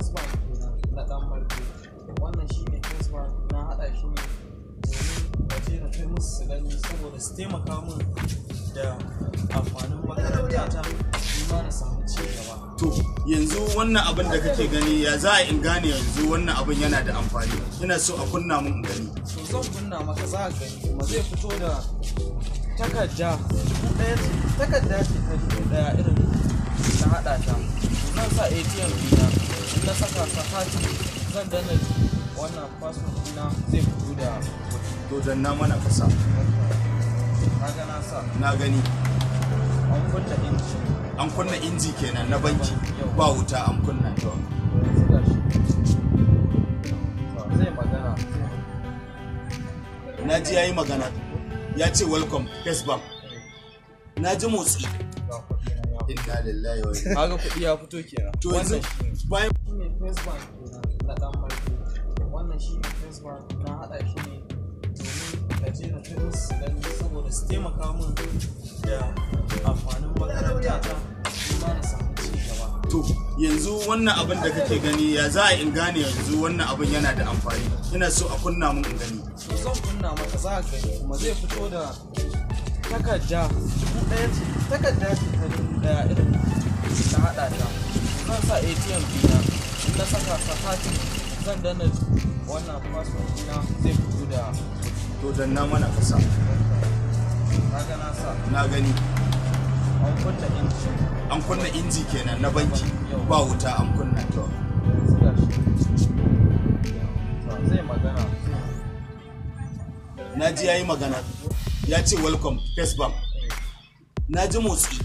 facebook kenan na dan marke wannan shi ne facebook na haɗa shi ne domin waje na kai musu su gani saboda su taimaka min da amfanin makaranta ta ma na samu ci gaba to yanzu wannan abin da kake gani ya za a in gane yanzu wannan abin yana da amfani ina so a kunna mun gani to zan kunna maka za a gani kuma zai fito da takarda dubu ɗaya ce takarda ce ta dubu ɗaya irin na haɗa ta zan sa atm dina na saka sahati zan danna wannan password dina zai fito da to na mana kusa, kaga na sa na gani an kunna inji an kunna inji kenan na banki ba wuta an kunna to na ji ya yi magana ya ce welcome first bank na ji motsi inna lillahi wa inna kaga kuɗi ya fito kenan to yanzu bayan shine first bank na dan marko wannan shine first bank na hada shi ne domin na je na kai musu dan saboda su taimaka min da amfanin makaranta ta kuma na samu ci gaba to yanzu wannan abin da kake gani ya za a in gane yanzu wannan abin yana da amfani ina so a kunna mun in gani zan kunna maka za a gani kuma zai fito da takarda dubu ɗaya ce takarda ce ta dubu ɗaya irin na haɗa ta zan sa atm dina in na saka sakati zan dana wannan password dina zai fito da to dan na mana kasa kaga na sa na gani an kunna inji an kunna inji kenan na banki ba wuta an kunna to zai magana na ji ya yi magana ya ce welcome first bank na ji motsi